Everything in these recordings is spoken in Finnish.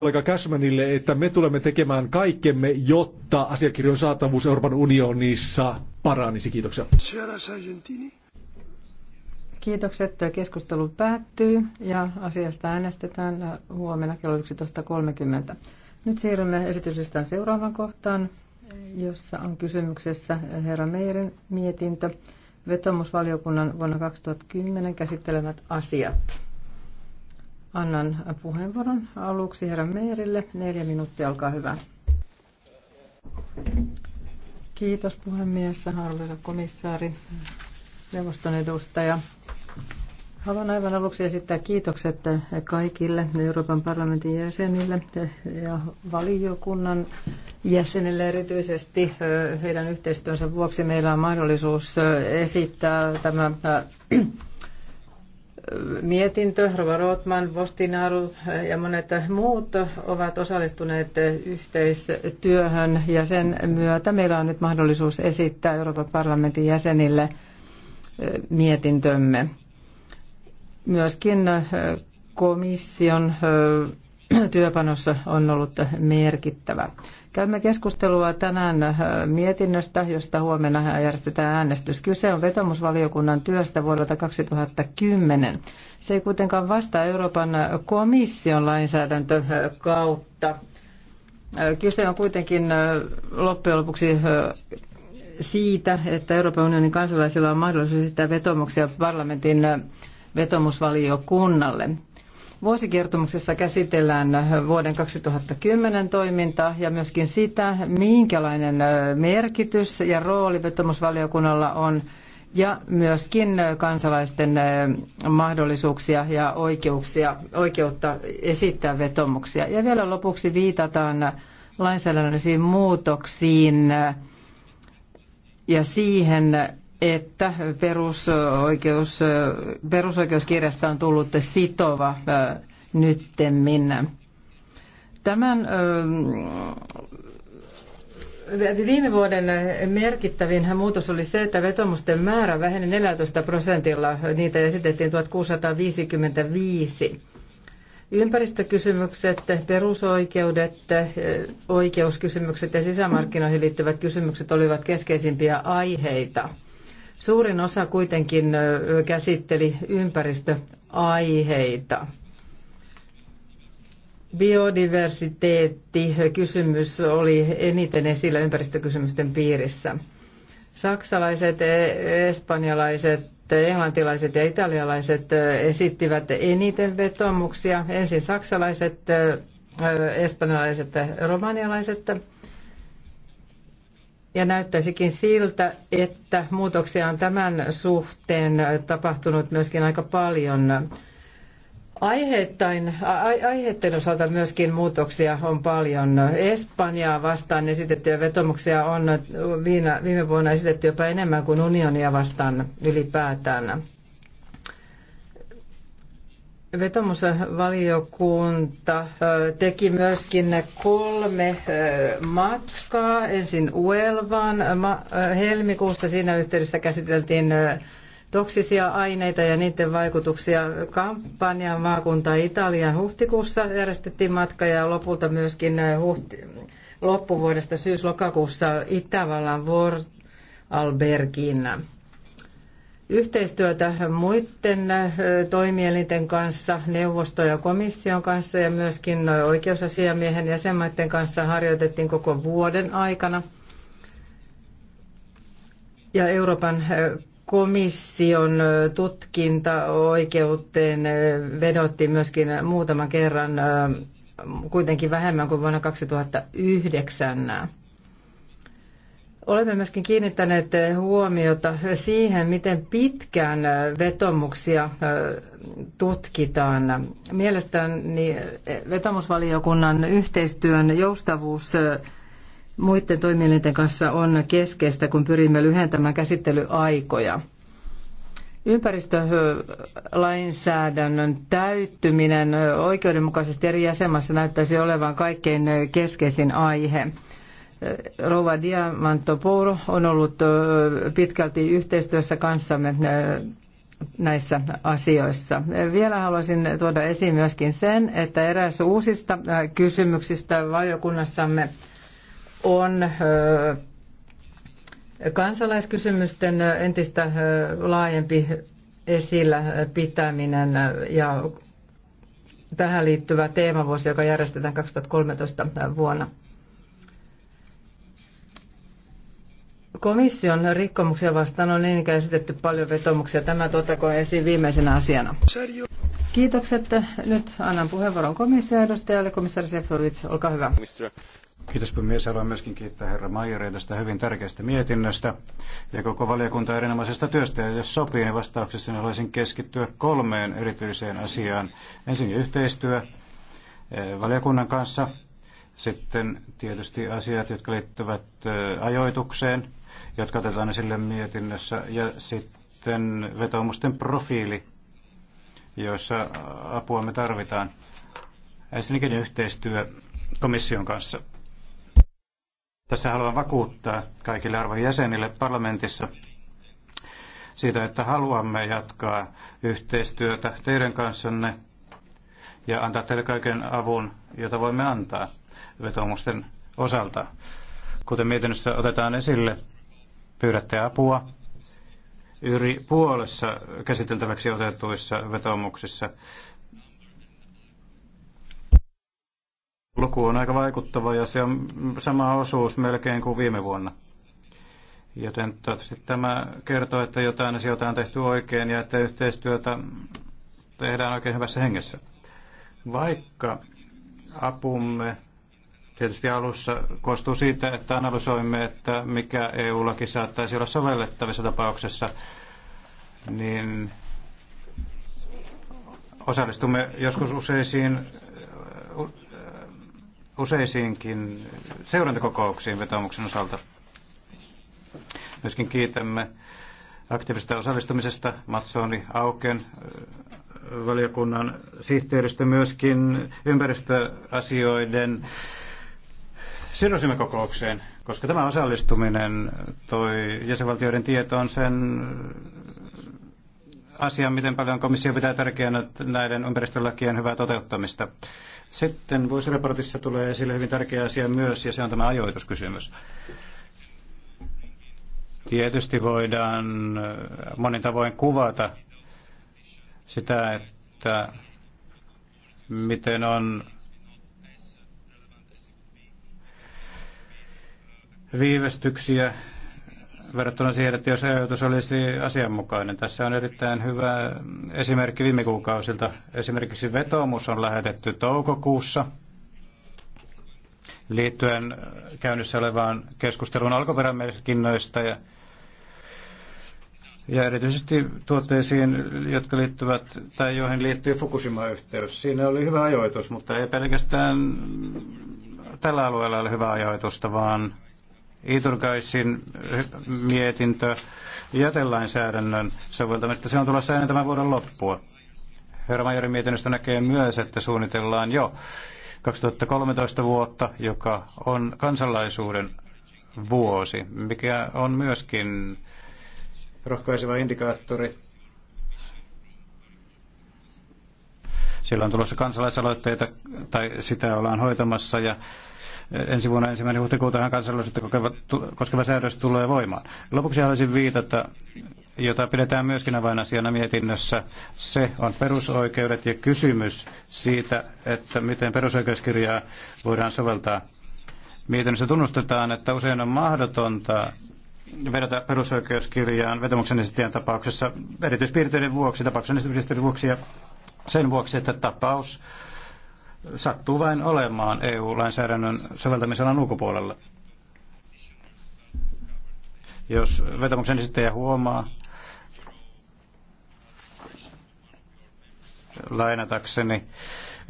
kollega Cashmanille, että me tulemme tekemään kaikkemme, jotta asiakirjojen saatavuus Euroopan unionissa paranisi. Kiitoksia. Kiitokset. Keskustelu päättyy ja asiasta äänestetään huomenna kello 11.30. Nyt siirrymme esityslistan seuraavaan kohtaan, jossa on kysymyksessä herra Meirin mietintö, vetomusvaliokunnan vuonna 2010 käsittelemät asiat. Annan puheenvuoron aluksi herra Meerille. Neljä minuuttia, olkaa hyvä. Kiitos puhemies, arvoisa komissaari, neuvoston edustaja. Haluan aivan aluksi esittää kiitokset kaikille Euroopan parlamentin jäsenille ja valiokunnan jäsenille erityisesti heidän yhteistyönsä vuoksi meillä on mahdollisuus esittää tämä mietintö, Rova Rotman, Vostinaru ja monet muut ovat osallistuneet yhteistyöhön ja sen myötä meillä on nyt mahdollisuus esittää Euroopan parlamentin jäsenille mietintömme. Myöskin komission työpanossa on ollut merkittävä. Käymme keskustelua tänään äh, mietinnöstä, josta huomenna järjestetään äänestys. Kyse on vetomusvaliokunnan työstä vuodelta 2010. Se ei kuitenkaan vastaa Euroopan komission kautta. Äh, kyse on kuitenkin äh, loppujen lopuksi siitä, että Euroopan unionin kansalaisilla on mahdollisuus esittää vetomuksia parlamentin vetomusvaliokunnalle. Vuosikertomuksessa käsitellään vuoden 2010 toimintaa ja myöskin sitä, minkälainen merkitys ja rooli vetomusvaliokunnalla on ja myöskin kansalaisten mahdollisuuksia ja oikeuksia, oikeutta esittää vetomuksia. Ja vielä lopuksi viitataan lainsäädännöllisiin muutoksiin ja siihen, että perusoikeus, perusoikeuskirjasta on tullut sitova nyttemmin. Tämän Viime vuoden merkittävin muutos oli se, että vetomusten määrä väheni 14 prosentilla. Niitä esitettiin 1655. Ympäristökysymykset, perusoikeudet, oikeuskysymykset ja sisämarkkinoihin liittyvät kysymykset olivat keskeisimpiä aiheita. Suurin osa kuitenkin käsitteli ympäristöaiheita. Biodiversiteetti kysymys oli eniten esillä ympäristökysymysten piirissä. Saksalaiset, e, espanjalaiset, englantilaiset ja italialaiset esittivät eniten vetomuksia. Ensin saksalaiset, espanjalaiset ja romanialaiset ja näyttäisikin siltä, että muutoksia on tämän suhteen tapahtunut myöskin aika paljon. Aiheittain, aiheiden osalta myöskin muutoksia on paljon. Espanjaa vastaan esitettyjä vetomuksia on viime, viime vuonna esitetty jopa enemmän kuin unionia vastaan ylipäätään. Vetomusvaliokunta teki myöskin kolme matkaa. Ensin Uelvaan helmikuussa. Siinä yhteydessä käsiteltiin toksisia aineita ja niiden vaikutuksia kampanjaan maakunta Italiaan huhtikuussa järjestettiin matka ja lopulta myöskin huhti, loppuvuodesta syys-lokakuussa Itävallan Vorarlbergin yhteistyötä muiden toimielinten kanssa, neuvosto ja komission kanssa ja myöskin oikeusasiamiehen jäsenmaiden kanssa harjoitettiin koko vuoden aikana. Ja Euroopan komission tutkintaoikeuteen vedottiin myöskin muutaman kerran, kuitenkin vähemmän kuin vuonna 2009. Olemme myöskin kiinnittäneet huomiota siihen, miten pitkään vetomuksia tutkitaan. Mielestäni vetomusvaliokunnan yhteistyön joustavuus muiden toimielinten kanssa on keskeistä, kun pyrimme lyhentämään käsittelyaikoja. Ympäristölainsäädännön täyttyminen oikeudenmukaisesti eri jäsenmaissa näyttäisi olevan kaikkein keskeisin aihe. Rouva Diamantopouro on ollut pitkälti yhteistyössä kanssamme näissä asioissa. Vielä haluaisin tuoda esiin myöskin sen, että eräs uusista kysymyksistä valiokunnassamme on kansalaiskysymysten entistä laajempi esillä pitäminen ja tähän liittyvä teemavuosi, joka järjestetään 2013 vuonna. Komission rikkomuksia vastaan on niin ikään esitetty paljon vetomuksia. Tämä tuotakoon esiin viimeisenä asiana. Kiitokset. Nyt annan puheenvuoron komission edustajalle. Komissaari Sefcovic, olkaa hyvä. Kiitos puhemies. Haluan myöskin kiittää herra Maijereen tästä hyvin tärkeästä mietinnöstä ja koko valiokunta erinomaisesta työstä. Ja jos sopii, niin vastauksessa haluaisin keskittyä kolmeen erityiseen asiaan. Ensin yhteistyö eh, valiokunnan kanssa, sitten tietysti asiat, jotka liittyvät eh, ajoitukseen, jotka otetaan esille mietinnössä, ja sitten vetoomusten profiili, joissa apua me tarvitaan. Ensinnäkin yhteistyö komission kanssa. Tässä haluan vakuuttaa kaikille arvon jäsenille parlamentissa siitä, että haluamme jatkaa yhteistyötä teidän kanssanne ja antaa teille kaiken avun, jota voimme antaa vetomusten osalta. Kuten mietinnössä otetaan esille, pyydätte apua yli puolessa käsiteltäväksi otetuissa vetomuksissa. Luku on aika vaikuttava ja se on sama osuus melkein kuin viime vuonna. Joten toivottavasti tämä kertoo, että jotain asioita on tehty oikein ja että yhteistyötä tehdään oikein hyvässä hengessä. Vaikka apumme tietysti alussa koostuu siitä, että analysoimme, että mikä EU-laki saattaisi olla sovellettavissa tapauksessa, niin osallistumme joskus useisiin äh, useisiinkin seurantakokouksiin vetomuksen osalta. Myöskin kiitämme aktiivisesta osallistumisesta Matsoni Auken äh, valiokunnan sihteeristä myöskin ympäristöasioiden siirrysimme kokoukseen, koska tämä osallistuminen toi jäsenvaltioiden tietoon sen asian, miten paljon komissio pitää tärkeänä näiden ympäristölakien hyvää toteuttamista. Sitten vuosiraportissa tulee esille hyvin tärkeä asia myös, ja se on tämä ajoituskysymys. Tietysti voidaan monin tavoin kuvata sitä, että miten on viivästyksiä verrattuna siihen, että jos ajoitus olisi asianmukainen. Tässä on erittäin hyvä esimerkki viime kuukausilta. Esimerkiksi vetoomus on lähetetty toukokuussa liittyen käynnissä olevaan keskusteluun alkuperämerkinnöistä ja, ja erityisesti tuotteisiin, jotka liittyvät tai joihin liittyy Fukushima-yhteys. Siinä oli hyvä ajoitus, mutta ei pelkästään tällä alueella ole hyvä ajoitusta, vaan Iturgaisin mietintö jätelainsäädännön soveltamista. Se on tulossa ennen tämän vuoden loppua. Herra Majorin mietinnöstä näkee myös, että suunnitellaan jo 2013 vuotta, joka on kansalaisuuden vuosi, mikä on myöskin rohkaiseva indikaattori. Siellä on tulossa kansalaisaloitteita, tai sitä ollaan hoitamassa, ja ensi vuonna ensimmäinen huhtikuuta kansallisuutta koskeva säädös tulee voimaan. Lopuksi haluaisin viitata, jota pidetään myöskin avainasiana mietinnössä. Se on perusoikeudet ja kysymys siitä, että miten perusoikeuskirjaa voidaan soveltaa. Mietinnössä tunnustetaan, että usein on mahdotonta vedota perusoikeuskirjaan vetomuksen esittäjän tapauksessa erityispiirteiden vuoksi, tapauksen esittäjän vuoksi ja sen vuoksi, että tapaus sattuu vain olemaan EU-lainsäädännön soveltamisalan ulkopuolella. Jos vetomuksen esittäjä huomaa, lainatakseni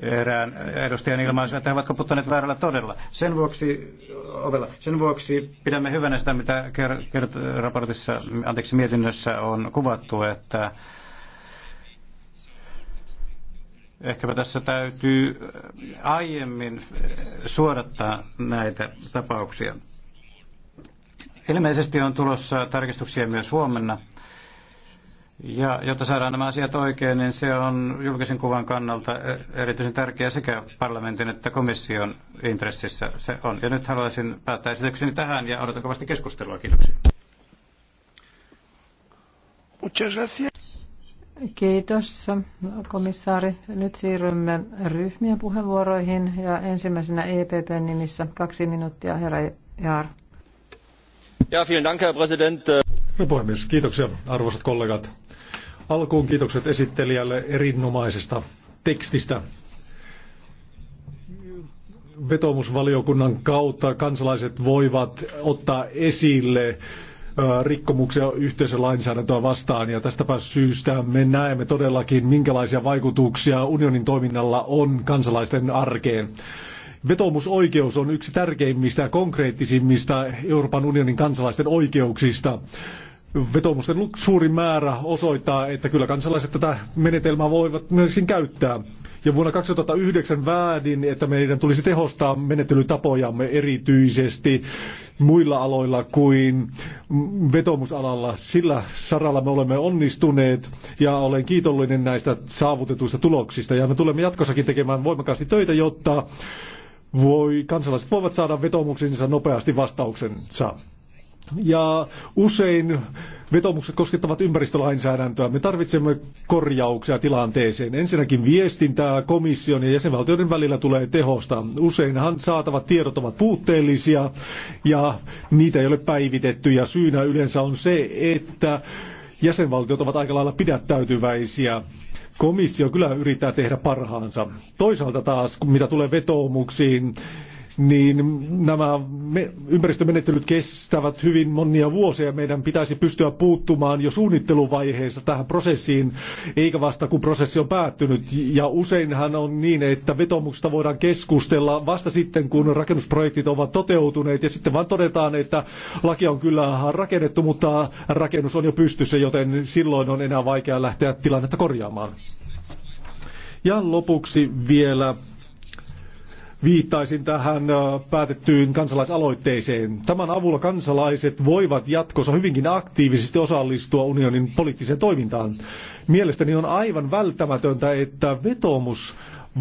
erään edustajan ilmaisua, että he ovat koputtaneet väärällä todella. Sen vuoksi, ovella, sen vuoksi pidämme hyvänä sitä, mitä kert- raportissa, anteeksi, mietinnössä on kuvattu, että Ehkäpä tässä täytyy äh, aiemmin äh, suodattaa näitä tapauksia. Ilmeisesti on tulossa tarkistuksia myös huomenna. Ja jotta saadaan nämä asiat oikein, niin se on julkisen kuvan kannalta äh, erityisen tärkeää sekä parlamentin että komission intressissä se on. Ja nyt haluaisin päättää esitykseni tähän ja odotan kovasti keskustelua. Kiitoksia. Kiitos, komissaari. Nyt siirrymme ryhmien puheenvuoroihin ja ensimmäisenä EPP nimissä kaksi minuuttia, herra Jaar. Ja, vielen dank, herr Präsident. Herra puhemies, kiitoksia arvoisat kollegat. Alkuun kiitokset esittelijälle erinomaisesta tekstistä. Vetomusvaliokunnan kautta kansalaiset voivat ottaa esille Äh, rikkomuksia lainsäädäntöä vastaan ja tästäpä syystä me näemme todellakin, minkälaisia vaikutuksia unionin toiminnalla on kansalaisten arkeen. Vetomusoikeus on yksi tärkeimmistä ja konkreettisimmista Euroopan unionin kansalaisten oikeuksista vetomusten suuri määrä osoittaa, että kyllä kansalaiset tätä menetelmää voivat myöskin käyttää. Ja vuonna 2009 väädin, että meidän tulisi tehostaa menettelytapojamme erityisesti muilla aloilla kuin vetomusalalla. Sillä saralla me olemme onnistuneet ja olen kiitollinen näistä saavutetuista tuloksista. Ja me tulemme jatkossakin tekemään voimakkaasti töitä, jotta voi, kansalaiset voivat saada vetomuksensa nopeasti vastauksensa ja usein vetomukset koskettavat ympäristölainsäädäntöä. Me tarvitsemme korjauksia tilanteeseen. Ensinnäkin viestintää komission ja jäsenvaltioiden välillä tulee tehosta. Useinhan saatavat tiedot ovat puutteellisia ja niitä ei ole päivitetty ja syynä yleensä on se, että jäsenvaltiot ovat aika lailla pidättäytyväisiä. Komissio kyllä yrittää tehdä parhaansa. Toisaalta taas, mitä tulee vetoomuksiin, niin nämä ympäristömenettelyt kestävät hyvin monia vuosia. Meidän pitäisi pystyä puuttumaan jo suunnitteluvaiheessa tähän prosessiin, eikä vasta kun prosessi on päättynyt. Ja useinhan on niin, että vetomuksesta voidaan keskustella vasta sitten, kun rakennusprojektit ovat toteutuneet, ja sitten vaan todetaan, että laki on kyllä rakennettu, mutta rakennus on jo pystyssä, joten silloin on enää vaikea lähteä tilannetta korjaamaan. Ja lopuksi vielä viittaisin tähän äh, päätettyyn kansalaisaloitteeseen. Tämän avulla kansalaiset voivat jatkossa hyvinkin aktiivisesti osallistua unionin poliittiseen toimintaan. Mielestäni on aivan välttämätöntä, että vetomus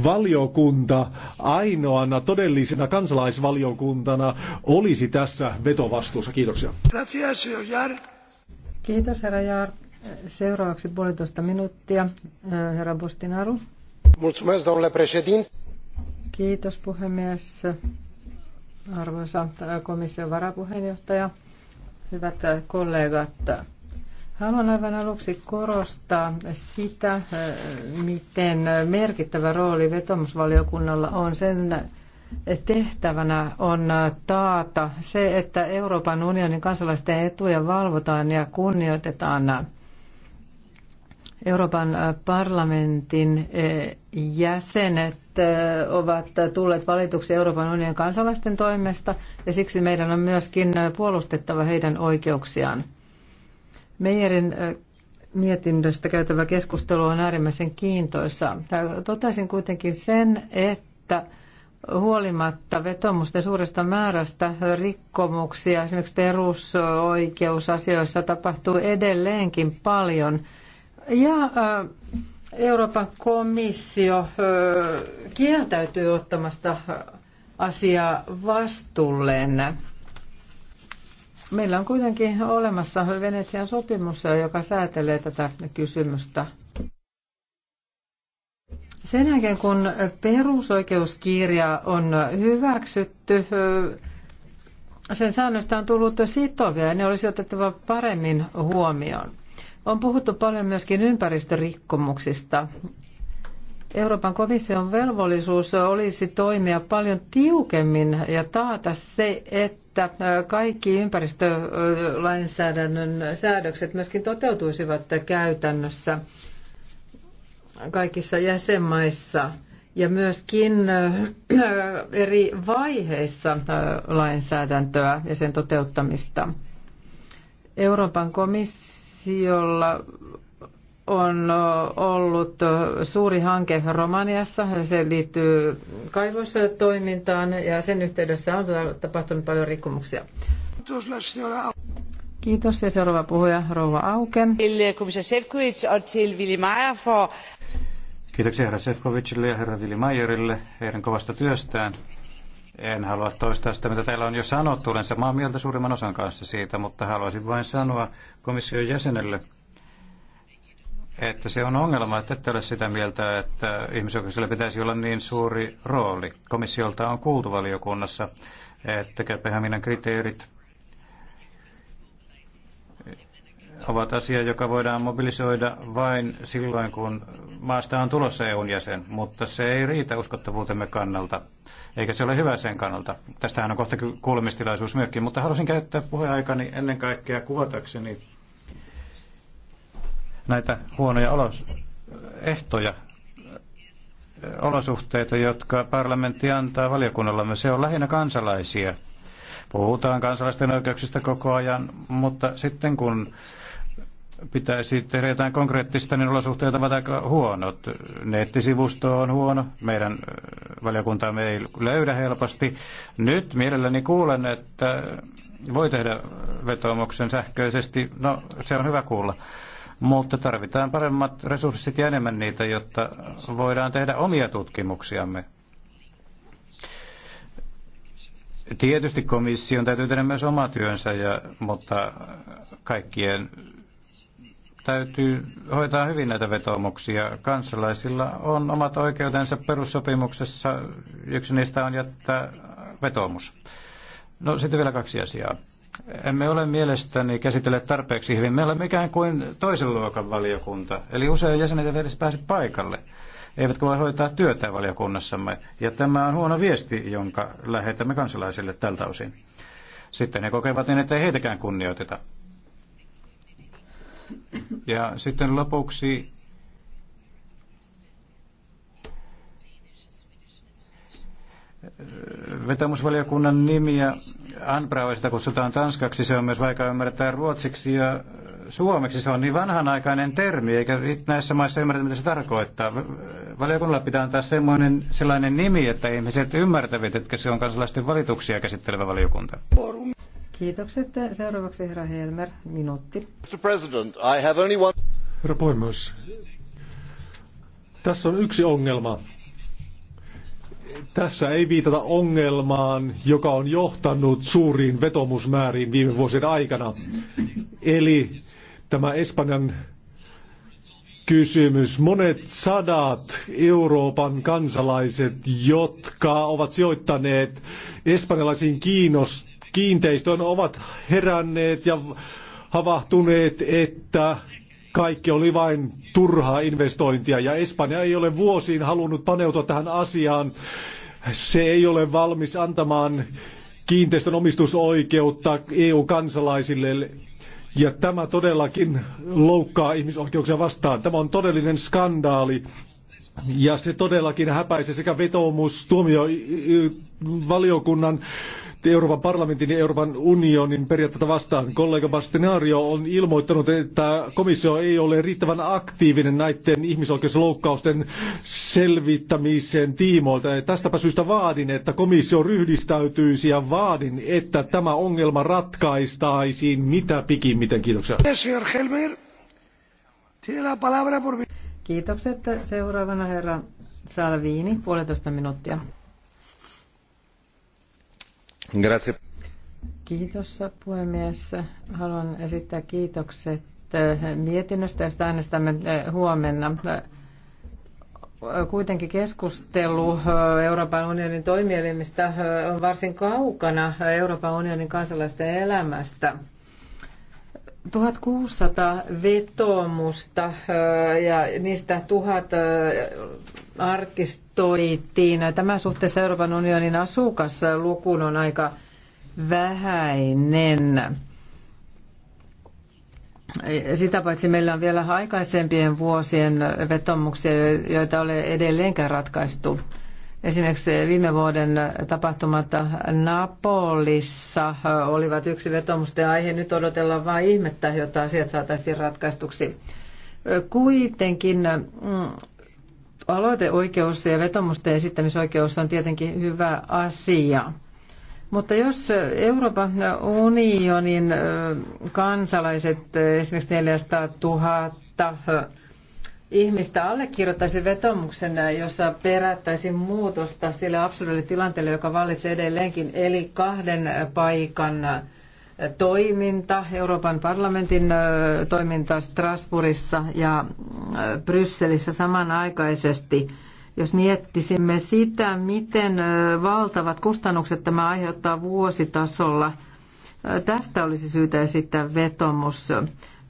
valiokunta ainoana todellisena kansalaisvaliokuntana olisi tässä vetovastuussa. Kiitoksia. Kiitos, herra Jaar. Seuraavaksi puolitoista minuuttia, äh, herra Bostinaru. Mulțumesc, domnule președinte. Kiitos puhemies. Arvoisa komission varapuheenjohtaja, hyvät kollegat. Haluan aivan aluksi korostaa sitä, miten merkittävä rooli vetomusvaliokunnalla on. Sen tehtävänä on taata se, että Euroopan unionin kansalaisten etuja valvotaan ja kunnioitetaan. Euroopan parlamentin jäsenet Äh, ovat tulleet valituksi Euroopan unionin kansalaisten toimesta ja siksi meidän on myöskin äh, puolustettava heidän oikeuksiaan. Meijerin äh, mietinnöstä käytävä keskustelu on äärimmäisen kiintoisa. Totaisin kuitenkin sen, että huolimatta vetomusten suuresta määrästä rikkomuksia, esimerkiksi perusoikeusasioissa tapahtuu edelleenkin paljon. Ja äh, Euroopan komissio kieltäytyy ottamasta asiaa vastuulleen. Meillä on kuitenkin olemassa Venetsian sopimus, joka säätelee tätä kysymystä. Sen jälkeen kun perusoikeuskirja on hyväksytty, sen säännöstä on tullut sitovia ja ne olisi otettava paremmin huomioon. On puhuttu paljon myöskin ympäristörikkomuksista. Euroopan komission velvollisuus olisi toimia paljon tiukemmin ja taata se, että kaikki ympäristölainsäädännön säädökset myöskin toteutuisivat käytännössä kaikissa jäsenmaissa ja myöskin eri vaiheissa lainsäädäntöä ja sen toteuttamista. Euroopan komissio jolla on ollut suuri hanke Romaniassa. Se liittyy kaivostoimintaan ja sen yhteydessä on tapahtunut paljon rikkomuksia. Kiitos ja seuraava puhuja Rouva Auken. Eh, Kiitoksia herra Sefkovicille ja herra Vili Mayerille heidän kovasta työstään en halua toistaa sitä, mitä täällä on jo sanottu. Olen samaa mieltä suurimman osan kanssa siitä, mutta haluaisin vain sanoa komission jäsenelle, että se on ongelma, että ette ole sitä mieltä, että ihmisoikeuksilla pitäisi olla niin suuri rooli. Komissiolta on kuultu valiokunnassa, että Kööpenhaminan kriteerit ovat asia, joka voidaan mobilisoida vain silloin, kun maasta on tulossa EUn jäsen, mutta se ei riitä uskottavuutemme kannalta, eikä se ole hyvä sen kannalta. Tästähän on kohta kuulemistilaisuus myöskin, mutta halusin käyttää puheaikani ennen kaikkea kuvatakseni näitä huonoja olos, ehtoja, olosuhteita, jotka parlamentti antaa valiokunnallamme Se on lähinnä kansalaisia Puhutaan kansalaisten oikeuksista koko ajan, mutta sitten kun pitäisi tehdä jotain konkreettista, niin olosuhteet ovat aika huonot. Nettisivusto on huono, meidän valiokuntamme ei löydä helposti. Nyt mielelläni kuulen, että voi tehdä vetoomuksen sähköisesti, no se on hyvä kuulla. Mutta tarvitaan paremmat resurssit ja enemmän niitä, jotta voidaan tehdä omia tutkimuksiamme Tietysti komission täytyy tehdä myös oma työnsä, ja, mutta kaikkien täytyy hoitaa hyvin näitä vetomuksia. Kansalaisilla on omat oikeutensa perussopimuksessa. Yksi niistä on jättää vetomus. No sitten vielä kaksi asiaa. Emme ole mielestäni käsitelleet tarpeeksi hyvin. Me olemme ikään kuin toisen luokan valiokunta, eli usein jäsenet eivät edes pääse paikalle eivätkä voi hoitaa työtä valiokunnassamme. Ja tämä on huono viesti, jonka lähetämme kansalaisille tältä osin. Sitten he kokevat niin, että ei heitäkään kunnioiteta. Ja sitten lopuksi vetämusvaliokunnan nimiä Anbrauesta kutsutaan tanskaksi, se on myös vaikea ymmärtää ruotsiksi ja suomeksi. Se on niin vanhanaikainen termi, eikä näissä maissa ymmärretä, mitä se tarkoittaa valiokunnalle pitää antaa semmoinen, sellainen nimi, että ihmiset ymmärtävät, että se on kansalaisten valituksia käsittelevä valiokunta. Kiitokset. Seuraavaksi herra Helmer, minuutti. Mr. President, I have only one... Herra puhemies, tässä on yksi ongelma. Tässä ei viitata ongelmaan, joka on johtanut suuriin vetomusmääriin viime vuosien aikana. Eli tämä Espanjan kysymys. Monet sadat Euroopan kansalaiset, jotka ovat sijoittaneet espanjalaisiin kiinnost- kiinteistöön, ovat heränneet ja havahtuneet, että kaikki oli vain turhaa investointia ja Espanja ei ole vuosiin halunnut paneutua tähän asiaan. Se ei ole valmis antamaan kiinteistön omistusoikeutta EU-kansalaisille, ja tämä todellakin loukkaa ihmisoikeuksia vastaan. Tämä on todellinen skandaali. Ja se todellakin häpäisee sekä vetoomus tuomiovaliokunnan Euroopan parlamentin ja Euroopan unionin periaatteita vastaan. Kollega Bastenario on ilmoittanut, että komissio ei ole riittävän aktiivinen näiden ihmisoikeusloukkausten selvittämisen tiimoilta. Ja tästäpä syystä vaadin, että komissio ryhdistäytyisi ja vaadin, että tämä ongelma ratkaistaisiin mitä pikimmiten. Kiitoksia. Kiitokset. Seuraavana herra Salvini puolitoista minuuttia. Grazie. Kiitos puhemies. Haluan esittää kiitokset eh, mietinnöstä, josta äänestämme eh, huomenna. Eh, kuitenkin keskustelu Euroopan unionin toimielimistä on varsin kaukana Euroopan unionin kansalaisten elämästä. 1600 vetomusta ja niistä tuhat arkistoitiin. Tämä suhteessa Euroopan unionin asukaslukuun on aika vähäinen. Sitä paitsi meillä on vielä aikaisempien vuosien vetomuksia, joita ole edelleenkään ratkaistu. Esimerkiksi viime vuoden tapahtumat Napolissa olivat yksi vetomusten aihe. Nyt odotellaan vain ihmettä, jotta asiat saataisiin ratkaistuksi. Kuitenkin mm, aloiteoikeus ja vetomusten esittämisoikeus on tietenkin hyvä asia. Mutta jos Euroopan unionin kansalaiset, esimerkiksi 400 000 ihmistä allekirjoittaisi vetomuksen, jossa perättäisiin muutosta sille absurdille joka vallitsee edelleenkin, eli kahden paikan toiminta, Euroopan parlamentin toiminta Strasbourgissa ja Brysselissä samanaikaisesti. Jos miettisimme sitä, miten valtavat kustannukset tämä aiheuttaa vuositasolla, tästä olisi syytä esittää vetomus.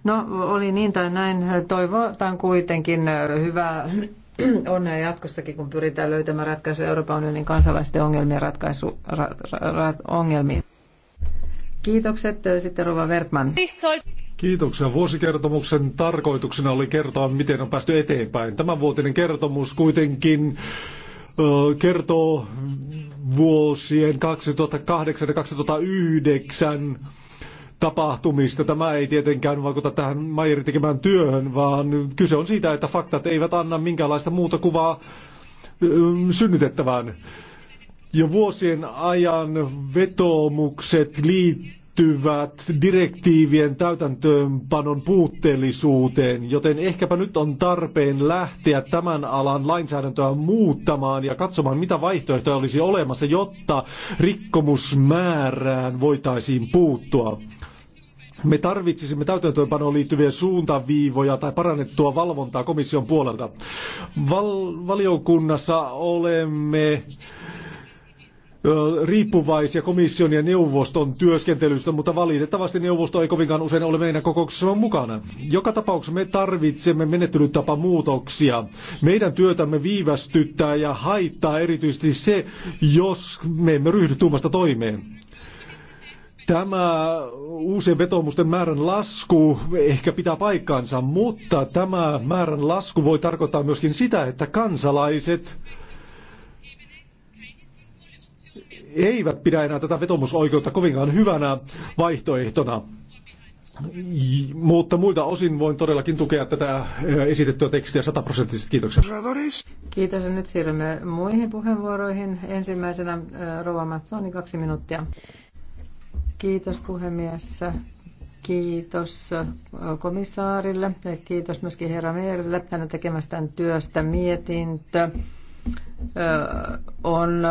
No, oli niin tai näin. Toivotaan kuitenkin äh, hyvää onnea jatkossakin, kun pyritään löytämään ratkaisu Euroopan unionin kansalaisten ongelmien ratkaisu, ra, ra, ongelmiin. Kiitokset äh, sitten Rova Wertman. Kiitoksia. Vuosikertomuksen tarkoituksena oli kertoa, miten on päästy eteenpäin. Tämänvuotinen kertomus kuitenkin ö, kertoo vuosien 2008 ja 2009 tapahtumista. Tämä ei tietenkään vaikuta tähän Mayerin tekemään työhön, vaan kyse on siitä, että faktat eivät anna minkäänlaista muuta kuvaa synnytettävään. Jo vuosien ajan vetoomukset liittyvät liittyvät direktiivien täytäntöönpanon puutteellisuuteen, joten ehkäpä nyt on tarpeen lähteä tämän alan lainsäädäntöä muuttamaan ja katsomaan, mitä vaihtoehtoja olisi olemassa, jotta rikkomusmäärään voitaisiin puuttua. Me tarvitsisimme täytäntöönpanoon liittyviä suuntaviivoja tai parannettua valvontaa komission puolelta. Val- valiokunnassa olemme riippuvaisia komission ja neuvoston työskentelystä, mutta valitettavasti neuvosto ei kovinkaan usein ole meidän kokouksissamme mukana. Joka tapauksessa me tarvitsemme menettelytapa muutoksia. Meidän työtämme viivästyttää ja haittaa erityisesti se, jos me emme ryhdy tuumasta toimeen. Tämä uusien vetoomusten määrän lasku ehkä pitää paikkaansa, mutta tämä määrän lasku voi tarkoittaa myöskin sitä, että kansalaiset eivät pidä enää tätä vetomusoikeutta kovinkaan hyvänä vaihtoehtona. Mutta muilta osin voin todellakin tukea tätä eh, esitettyä tekstiä sataprosenttisesti. Kiitoksia. Kiitos. Ja nyt siirrymme muihin puheenvuoroihin. Ensimmäisenä eh, Rova Matsoni, kaksi minuuttia. Kiitos puhemies. Kiitos eh, komissaarille ja kiitos myöskin herra Meerille hänen tekemästään työstä mietintö on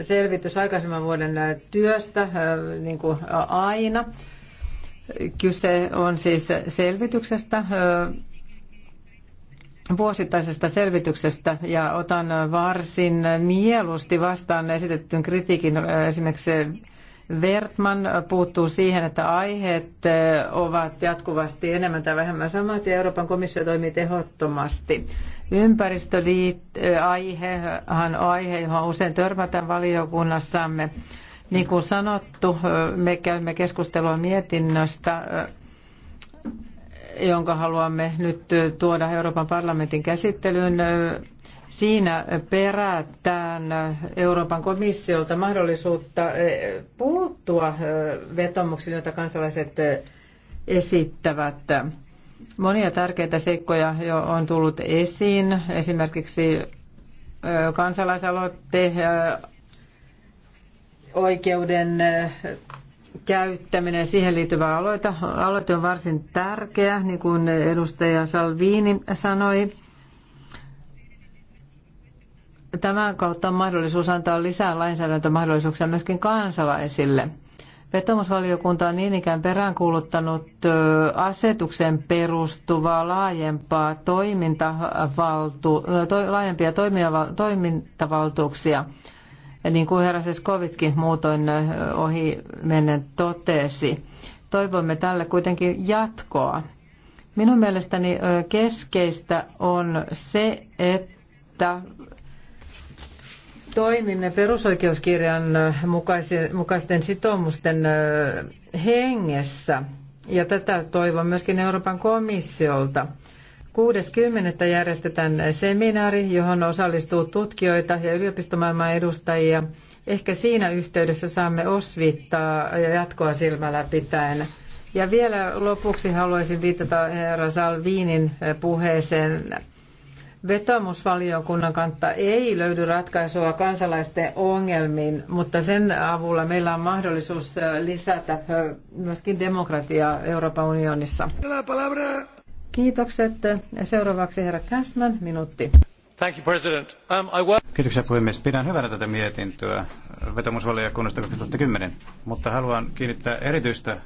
selvitys aikaisemman vuoden äh, työstä, äh, niin kuin aina. Kyse on siis selvityksestä, äh, vuosittaisesta selvityksestä ja otan varsin mieluusti vastaan esitettyn kritiikin. Esimerkiksi Vertman puuttuu siihen, että aiheet ovat jatkuvasti enemmän tai vähemmän samat ja Euroopan komissio toimii tehottomasti. Ympäristöaihehan äh, on aihe, johon usein törmätään valiokunnassamme. Niin kuin sanottu, äh, me käymme keskustelua mietinnöstä, äh, jonka haluamme nyt tuoda Euroopan parlamentin käsittelyyn. Siinä perätään Euroopan komissiolta mahdollisuutta puuttua vetomuksiin, joita kansalaiset esittävät. Monia tärkeitä seikkoja jo on tullut esiin, esimerkiksi kansalaisaloitte, oikeuden käyttäminen ja siihen liittyvä aloite. aloite on varsin tärkeä, niin kuin edustaja Salvini sanoi. Tämän kautta on mahdollisuus antaa lisää lainsäädäntömahdollisuuksia myöskin kansalaisille – Vetomusvaliokunta on niin ikään peräänkuuluttanut asetuksen perustuvaa laajempaa toimintavaltu, to, laajempia toimia, toimintavaltuuksia. Ja niin kuin herra Seskovitkin muutoin ohi menen totesi. Toivomme tälle kuitenkin jatkoa. Minun mielestäni keskeistä on se, että toimimme perusoikeuskirjan mukaisten sitoumusten hengessä. Ja tätä toivon myöskin Euroopan komissiolta. 6.10. järjestetään seminaari, johon osallistuu tutkijoita ja yliopistomaailman edustajia. Ehkä siinä yhteydessä saamme osvittaa ja jatkoa silmällä pitäen. Ja vielä lopuksi haluaisin viitata herra Salviinin puheeseen Vetomusvaliokunnan kantta ei löydy ratkaisua kansalaisten ongelmiin, mutta sen avulla meillä on mahdollisuus lisätä myöskin demokratiaa Euroopan unionissa. Kiitokset. Seuraavaksi herra Cashman, minuutti. Thank you, President. Um, I work... Kiitoksia puhemies. Pidän hyvänä tätä mietintöä vetomusvaliokunnasta 2010, mutta haluan kiinnittää erityistä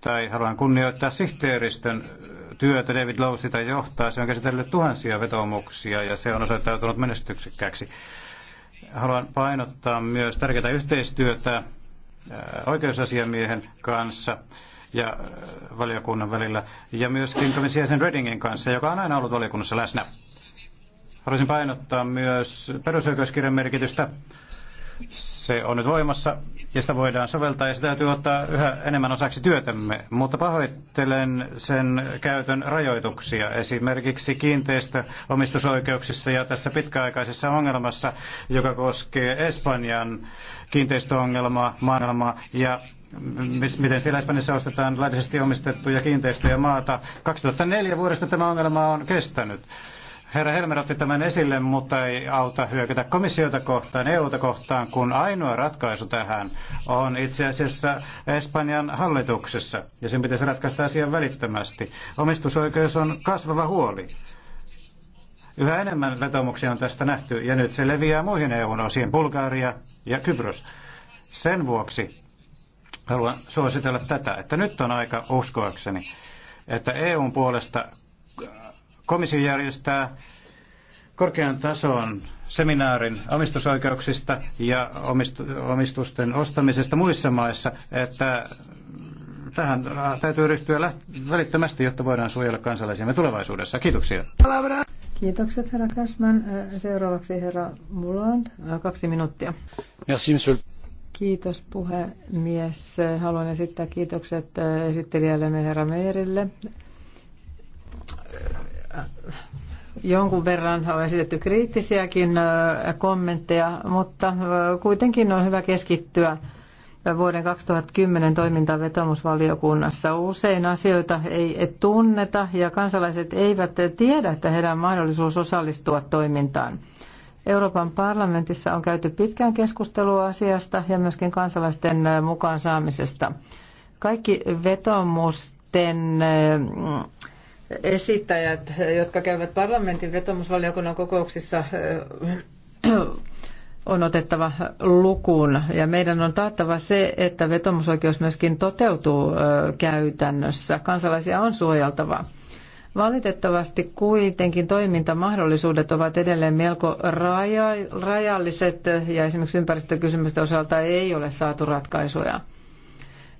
tai haluan kunnioittaa sihteeristön työtä David Lowe sitä johtaa. Se on käsitellyt tuhansia vetomuksia ja se on osoittautunut menestyksekkääksi. Haluan painottaa myös tärkeää yhteistyötä äh, oikeusasiamiehen kanssa ja äh, valiokunnan välillä ja myös komission jäsen Redingin kanssa, joka on aina ollut valiokunnassa läsnä. Haluaisin painottaa myös perusoikeuskirjan merkitystä se on nyt voimassa ja sitä voidaan soveltaa ja sitä täytyy ottaa yhä enemmän osaksi työtämme, mutta pahoittelen sen käytön rajoituksia esimerkiksi kiinteistöomistusoikeuksissa ja tässä pitkäaikaisessa ongelmassa, joka koskee Espanjan kiinteistöongelmaa, maailmaa ja miten siellä Espanjassa ostetaan laillisesti omistettuja kiinteistöjä maata. 2004 vuodesta tämä ongelma on kestänyt. Herra Helmer otti tämän esille, mutta ei auta hyökätä komissiota kohtaan, EUta kohtaan, kun ainoa ratkaisu tähän on itse asiassa Espanjan hallituksessa. Ja sen pitäisi ratkaista asian välittömästi. Omistusoikeus on kasvava huoli. Yhä enemmän vetomuksia on tästä nähty ja nyt se leviää muihin EUn osiin, Bulgaria ja Kypros. Sen vuoksi haluan suositella tätä, että nyt on aika uskoakseni, että EUn puolesta Komissio järjestää korkean tason seminaarin omistusoikeuksista ja omistusten ostamisesta muissa maissa, että tähän täytyy ryhtyä läht- välittömästi, jotta voidaan suojella kansalaisiamme tulevaisuudessa. Kiitoksia. Kiitokset, herra Kasman. Seuraavaksi herra Muland. Kaksi minuuttia. Merci, monsieur. Kiitos puhemies. Haluan esittää kiitokset esittelijällemme herra Meerille Jonkun verran on esitetty kriittisiäkin kommentteja, mutta kuitenkin on hyvä keskittyä vuoden 2010 toimintaan vetomusvaliokunnassa. Usein asioita ei tunneta ja kansalaiset eivät tiedä, että heidän on mahdollisuus osallistua toimintaan. Euroopan parlamentissa on käyty pitkään keskustelua asiasta ja myöskin kansalaisten mukaan saamisesta. Kaikki vetomusten esittäjät, jotka käyvät parlamentin vetomusvaliokunnan kokouksissa, on otettava lukuun. Ja meidän on taattava se, että vetomusoikeus myöskin toteutuu käytännössä. Kansalaisia on suojeltava. Valitettavasti kuitenkin toimintamahdollisuudet ovat edelleen melko rajalliset ja esimerkiksi ympäristökysymysten osalta ei ole saatu ratkaisuja.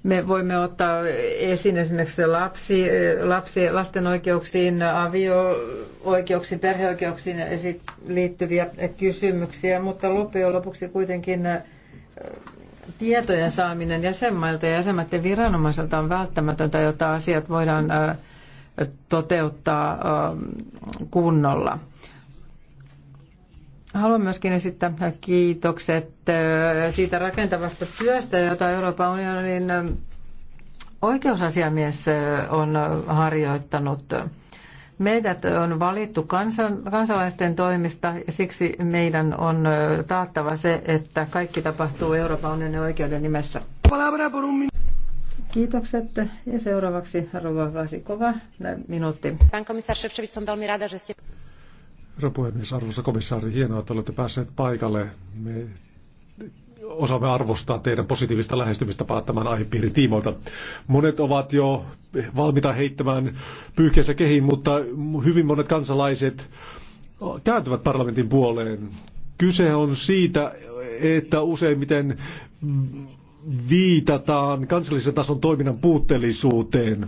Me voimme ottaa esiin esimerkiksi lapsi, lapsi lasten oikeuksiin, avio-oikeuksiin, perheoikeuksiin liittyviä kysymyksiä, mutta loppujen lopuksi kuitenkin äh, tietojen saaminen jäsenmailta ja jäsenmaiden viranomaisilta on välttämätöntä, jotta asiat voidaan äh, toteuttaa äh, kunnolla. Haluan myöskin esittää kiitokset äh, siitä rakentavasta työstä, jota Euroopan unionin ähm, oikeusasiamies äh, on harjoittanut. Meidät on valittu kansan, kansalaisten toimista ja siksi meidän on äh, taattava se, että kaikki tapahtuu Euroopan unionin oikeuden nimessä. Kiitokset. Ja seuraavaksi Rova Vlasikova, minuutti. Pan komissaari Ševčević, on veľmi rada, že ste... Herra puhemies, arvoisa komissaari, hienoa, että olette päässeet paikalle. Me osaamme arvostaa teidän positiivista lähestymistapaa tämän aihepiirin tiimoilta. Monet ovat jo valmiita heittämään pyyhkeensä kehiin, mutta hyvin monet kansalaiset kääntyvät parlamentin puoleen. Kyse on siitä, että useimmiten viitataan kansallisen tason toiminnan puutteellisuuteen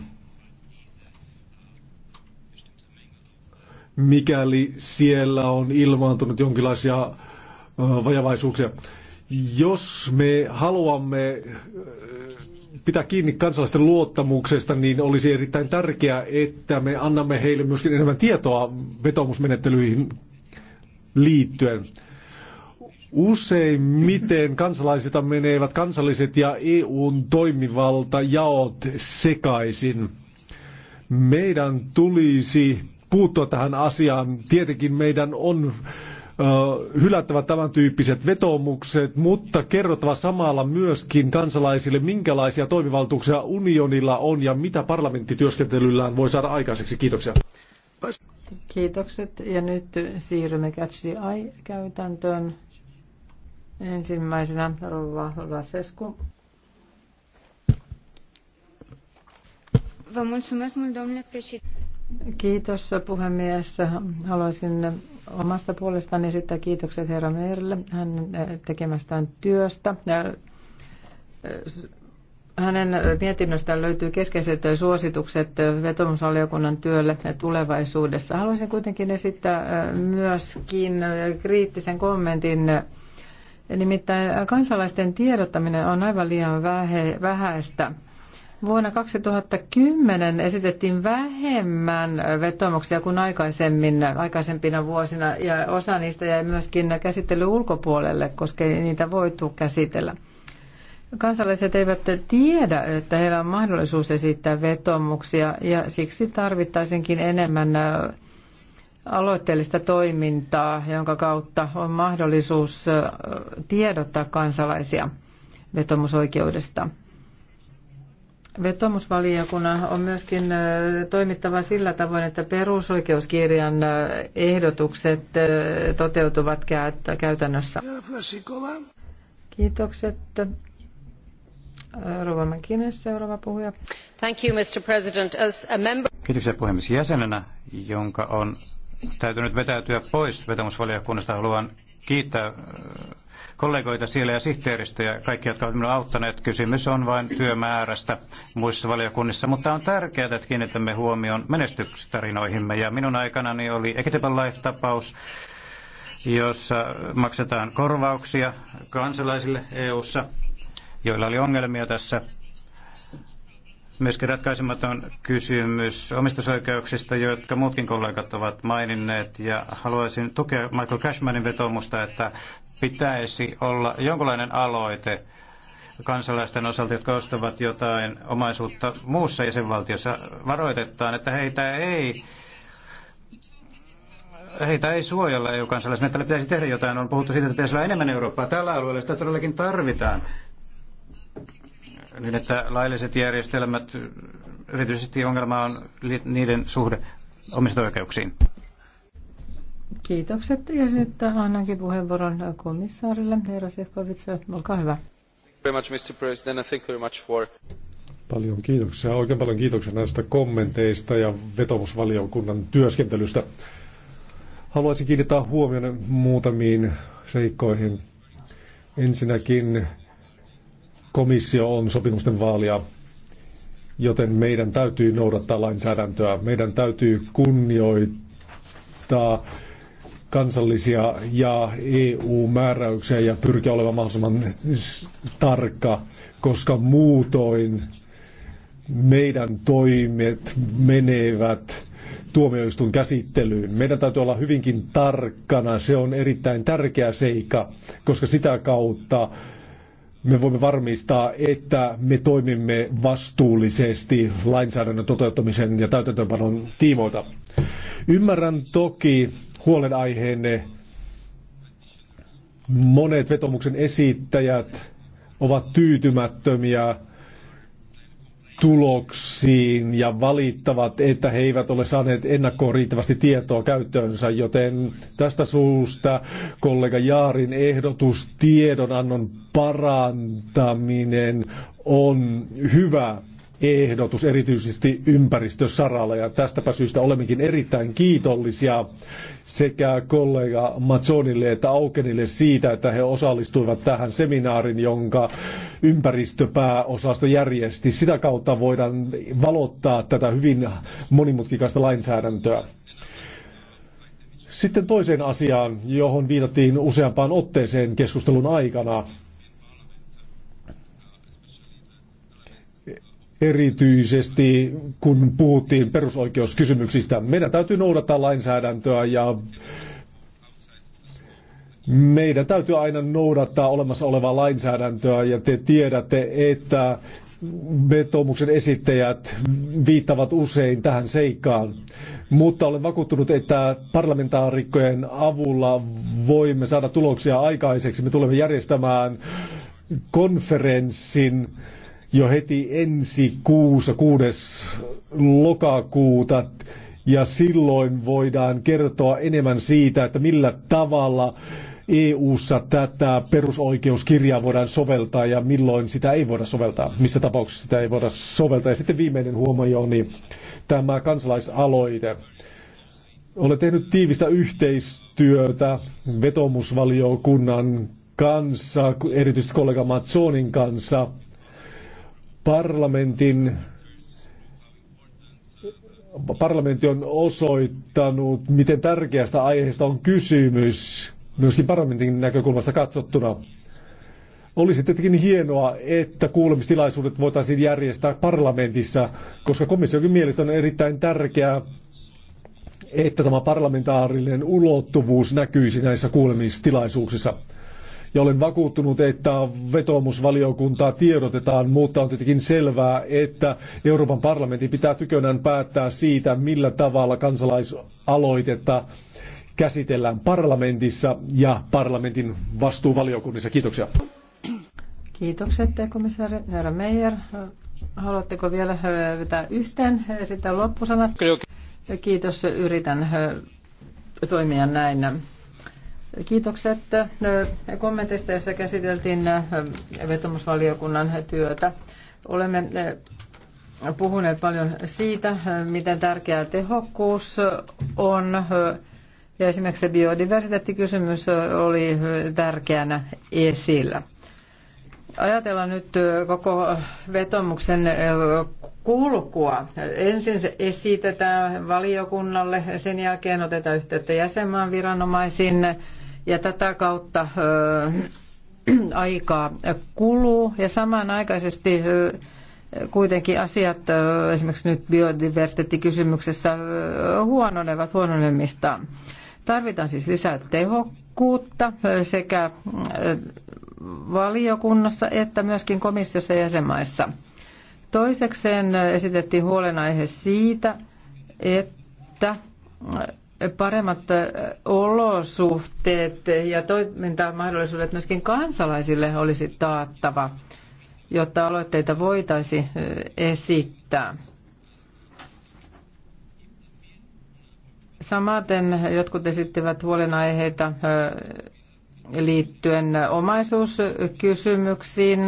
mikäli siellä on ilmaantunut jonkinlaisia vajavaisuuksia. Jos me haluamme pitää kiinni kansalaisten luottamuksesta, niin olisi erittäin tärkeää, että me annamme heille myöskin enemmän tietoa vetomusmenettelyihin liittyen. Useimmiten kansalaisilta menevät kansalliset ja EUn toimivalta jaot sekaisin. Meidän tulisi puuttua tähän asiaan. Tietenkin meidän on hylättävä tämän tyyppiset vetomukset, mutta kerrottava samalla myöskin kansalaisille, minkälaisia toimivaltuuksia unionilla on ja mitä parlamenttityöskentelyllään voi saada aikaiseksi. Kiitoksia. Kiitokset. Ja nyt siirrymme Catch the Eye-käytäntöön. Ensimmäisenä Rova Vasescu. Vă mulțumesc mult, domnule președinte. Kiitos puhemies. Haluaisin omasta puolestani esittää kiitokset herra Meerille hänen äh, tekemästään työstä. Äh, äh, hänen mietinnöstään löytyy keskeiset suositukset vetomusvaliokunnan työlle tulevaisuudessa. Haluaisin kuitenkin esittää myöskin kriittisen kommentin. Nimittäin kansalaisten tiedottaminen on aivan liian vähäistä. Vuonna 2010 esitettiin vähemmän vetomuksia kuin aikaisemmin, aikaisempina vuosina, ja osa niistä jäi myöskin käsittely ulkopuolelle, koska ei niitä voitu käsitellä. Kansalaiset eivät tiedä, että heillä on mahdollisuus esittää vetomuksia, ja siksi tarvittaisinkin enemmän äh, aloitteellista toimintaa, jonka kautta on mahdollisuus äh, tiedottaa kansalaisia vetomusoikeudesta. Vetomusvaliokunnan on myöskin toimittava sillä tavoin, että perusoikeuskirjan ehdotukset toteutuvat käytännössä. Kiitokset. Rova Mäkinen, seuraava puhuja. Thank you, Mr. President. As a member... Kiitoksia puhemies. Jäsenenä, jonka on täytynyt vetäytyä pois vetomusvaliokunnasta, haluan kiittää äh, kollegoita siellä ja sihteeristä ja kaikki, jotka ovat minua auttaneet. Kysymys on vain työmäärästä muissa valiokunnissa, mutta on tärkeää, että kiinnitämme huomioon menestystarinoihimme. Ja minun aikanani oli Equitable Life-tapaus, jossa maksetaan korvauksia kansalaisille EU-ssa, joilla oli ongelmia tässä myöskin ratkaisematon kysymys omistusoikeuksista, jotka muutkin kollegat ovat maininneet. Ja haluaisin tukea Michael Cashmanin vetomusta, että pitäisi olla jonkinlainen aloite kansalaisten osalta, jotka ostavat jotain omaisuutta muussa jäsenvaltiossa. Varoitetaan, että heitä ei heitä ei suojella EU-kansalaisille. Tällä pitäisi tehdä jotain. On puhuttu siitä, että pitäisi olla enemmän Eurooppaa. Tällä alueella sitä todellakin tarvitaan niin että lailliset järjestelmät, erityisesti ongelma on niiden suhde omistusoikeuksiin. Kiitokset. Ja sitten annankin puheenvuoron komissaarille. Herra Sefkovic, olkaa hyvä. Very much, Mr. President, thank you very much for... Paljon kiitoksia. Oikein paljon kiitoksia näistä kommenteista ja vetomusvaliokunnan työskentelystä. Haluaisin kiinnittää huomioon muutamiin seikkoihin. Ensinnäkin komissio on sopimusten vaalia, joten meidän täytyy noudattaa lainsäädäntöä. Meidän täytyy kunnioittaa kansallisia ja EU-määräyksiä ja pyrkiä olemaan mahdollisimman tarkka, koska muutoin meidän toimet menevät tuomioistuin käsittelyyn. Meidän täytyy olla hyvinkin tarkkana. Se on erittäin tärkeä seikka, koska sitä kautta me voimme varmistaa, että me toimimme vastuullisesti lainsäädännön toteuttamisen ja täytäntöönpanon tiimoilta. Ymmärrän toki huolenaiheenne. Monet vetomuksen esittäjät ovat tyytymättömiä tuloksiin ja valittavat, että he eivät ole saaneet ennakkoon riittävästi tietoa käyttöönsä, joten tästä suusta kollega Jaarin ehdotus tiedonannon parantaminen on hyvä ehdotus erityisesti ympäristösaralla ja tästäpä syystä olemmekin erittäin kiitollisia sekä kollega Mazzonille että Aukenille siitä, että he osallistuivat tähän seminaarin, jonka ympäristöpääosasto järjesti. Sitä kautta voidaan valottaa tätä hyvin monimutkikaista lainsäädäntöä. Sitten toiseen asiaan, johon viitattiin useampaan otteeseen keskustelun aikana, erityisesti kun puhuttiin perusoikeuskysymyksistä. Meidän täytyy noudattaa lainsäädäntöä ja meidän täytyy aina noudattaa olemassa olevaa lainsäädäntöä ja te tiedätte, että vetoomuksen esittäjät viittavat usein tähän seikkaan, mutta olen vakuuttunut, että parlamentaarikkojen avulla voimme saada tuloksia aikaiseksi. Me tulemme järjestämään konferenssin jo heti ensi kuussa, kuudes lokakuuta, ja silloin voidaan kertoa enemmän siitä, että millä tavalla EU-ssa tätä perusoikeuskirjaa voidaan soveltaa ja milloin sitä ei voida soveltaa, missä tapauksessa sitä ei voida soveltaa. Ja sitten viimeinen huomio on niin tämä kansalaisaloite. Olen tehnyt tiivistä yhteistyötä vetomusvaliokunnan kanssa, erityisesti kollega Mazzonin kanssa – parlamentin parlamentti on osoittanut, miten tärkeästä aiheesta on kysymys, myöskin parlamentin näkökulmasta katsottuna. Olisi tietenkin hienoa, että kuulemistilaisuudet voitaisiin järjestää parlamentissa, koska komissiokin mielestä on erittäin tärkeää, että tämä parlamentaarinen ulottuvuus näkyisi näissä kuulemistilaisuuksissa ja olen vakuuttunut, että vetomusvaliokuntaa tiedotetaan, mutta on tietenkin selvää, että Euroopan parlamentin pitää tykönään päättää siitä, millä tavalla kansalaisaloitetta käsitellään parlamentissa ja parlamentin vastuuvaliokunnissa. Kiitoksia. Kiitokset, komissaari herra Meijer. Haluatteko vielä äh, vetää yhteen äh, sitä loppusanat? Kiitos, yritän äh, toimia näin. Kiitokset kommenteista, joissa käsiteltiin vetomusvaliokunnan työtä. Olemme puhuneet paljon siitä, miten tärkeää tehokkuus on. Ja esimerkiksi se biodiversiteettikysymys oli tärkeänä esillä. Ajatellaan nyt koko vetomuksen kulkua. Ensin se esitetään valiokunnalle, sen jälkeen otetaan yhteyttä jäsenmaan viranomaisiin, ja tätä kautta aikaa kuluu ja samanaikaisesti kuitenkin asiat esimerkiksi nyt biodiversiteettikysymyksessä huononevat huononemista. Tarvitaan siis lisää tehokkuutta sekä valiokunnassa että myöskin komissiossa ja jäsenmaissa. Toisekseen esitettiin huolenaihe siitä, että paremmat olosuhteet ja toimintamahdollisuudet myöskin kansalaisille olisi taattava, jotta aloitteita voitaisiin esittää. Samaten jotkut esittivät huolenaiheita liittyen omaisuuskysymyksiin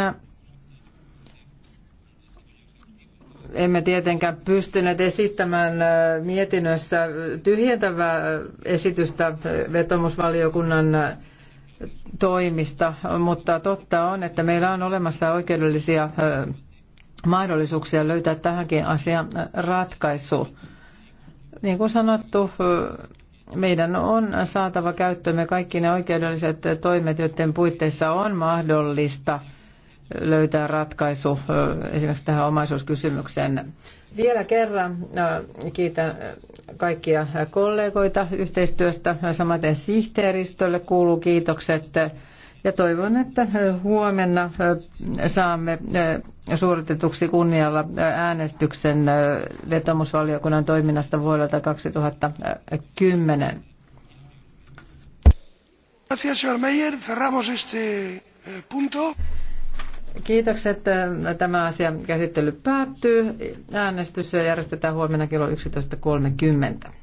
emme tietenkään pystyneet esittämään mietinnössä tyhjentävää esitystä vetomusvaliokunnan toimista, mutta totta on, että meillä on olemassa oikeudellisia mahdollisuuksia löytää tähänkin asian ratkaisu. Niin kuin sanottu, meidän on saatava käyttöömme kaikki ne oikeudelliset toimet, joiden puitteissa on mahdollista – löytää ratkaisu esimerkiksi tähän omaisuuskysymykseen. Vielä kerran kiitän kaikkia kollegoita yhteistyöstä, samaten sihteeristölle kuuluu kiitokset. Ja toivon, että huomenna saamme suoritetuksi kunnialla äänestyksen vetomusvaliokunnan toiminnasta vuodelta 2010. Gracias, señor Meyer. Cerramos este eh, punto. Kiitokset. Tämä asian käsittely päättyy. Äänestys järjestetään huomenna kello 11.30.